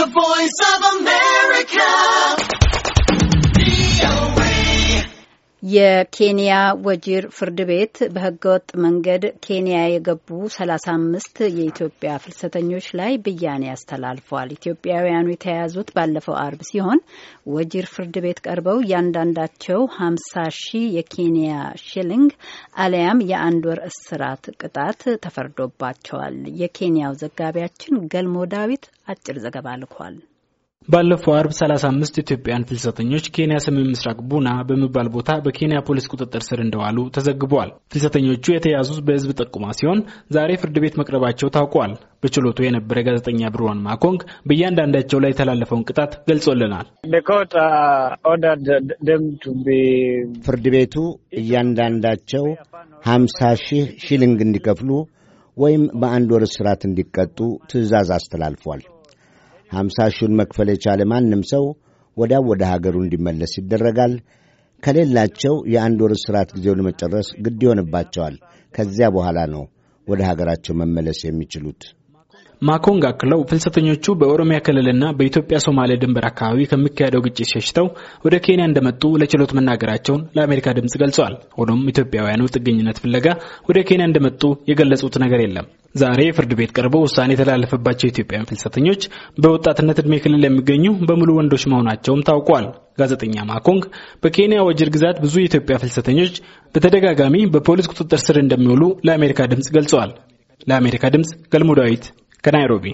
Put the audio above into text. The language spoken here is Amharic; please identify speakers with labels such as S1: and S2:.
S1: The Voice of man. የኬንያ ወጂር ፍርድ ቤት በህገወጥ መንገድ ኬንያ የገቡ 35 የኢትዮጵያ ፍልሰተኞች ላይ ብያኔ አስተላልፏል። ኢትዮጵያውያኑ የተያያዙት ባለፈው አርብ ሲሆን ወጂር ፍርድ ቤት ቀርበው እያንዳንዳቸው 50 ሺህ የኬንያ ሽሊንግ አሊያም የአንድ ወር እስራት ቅጣት ተፈርዶባቸዋል። የኬንያው ዘጋቢያችን ገልሞ ዳዊት አጭር ዘገባ ልኳል።
S2: ባለፈው አርብ 35 ኢትዮጵያውያን ፍልሰተኞች ኬንያ ሰሜን ምስራቅ ቡና በሚባል ቦታ በኬንያ ፖሊስ ቁጥጥር ስር እንደዋሉ ተዘግበዋል። ፍልሰተኞቹ የተያዙት በሕዝብ ጠቁማ ሲሆን ዛሬ ፍርድ ቤት መቅረባቸው ታውቋል። በችሎቱ የነበረ ጋዜጠኛ ብሩዋን ማኮንግ በእያንዳንዳቸው ላይ የተላለፈውን ቅጣት ገልጾልናል።
S3: ፍርድ ቤቱ እያንዳንዳቸው 50 ሺህ ሺሊንግ እንዲከፍሉ ወይም በአንድ ወር እስራት እንዲቀጡ ትዕዛዝ አስተላልፏል። ሀምሳ ሺውን መክፈል የቻለ ማንም ሰው ወዲያው ወደ ሀገሩ እንዲመለስ ይደረጋል። ከሌላቸው የአንድ ወር እስራት ጊዜውን መጨረስ ግድ ይሆንባቸዋል። ከዚያ በኋላ ነው ወደ ሀገራቸው መመለስ የሚችሉት።
S2: ማኮንግ አክለው ፍልሰተኞቹ በኦሮሚያ ክልልና በኢትዮጵያ ሶማሌ ድንበር አካባቢ ከሚካሄደው ግጭት ሸሽተው ወደ ኬንያ እንደመጡ ለችሎት መናገራቸውን ለአሜሪካ ድምፅ ገልጸዋል። ሆኖም ኢትዮጵያውያኑ ጥገኝነት ፍለጋ ወደ ኬንያ እንደመጡ የገለጹት ነገር የለም። ዛሬ ፍርድ ቤት ቀርበው ውሳኔ የተላለፈባቸው ኢትዮጵያውያን ፍልሰተኞች በወጣትነት እድሜ ክልል የሚገኙ በሙሉ ወንዶች መሆናቸውም ታውቋል። ጋዜጠኛ ማኮንግ በኬንያ ወጅር ግዛት ብዙ የኢትዮጵያ ፍልሰተኞች በተደጋጋሚ በፖሊስ ቁጥጥር ስር እንደሚውሉ ለአሜሪካ ድምፅ ገልጸዋል። ለአሜሪካ ድምፅ ገልሞ ዳዊት ከናይሮቢ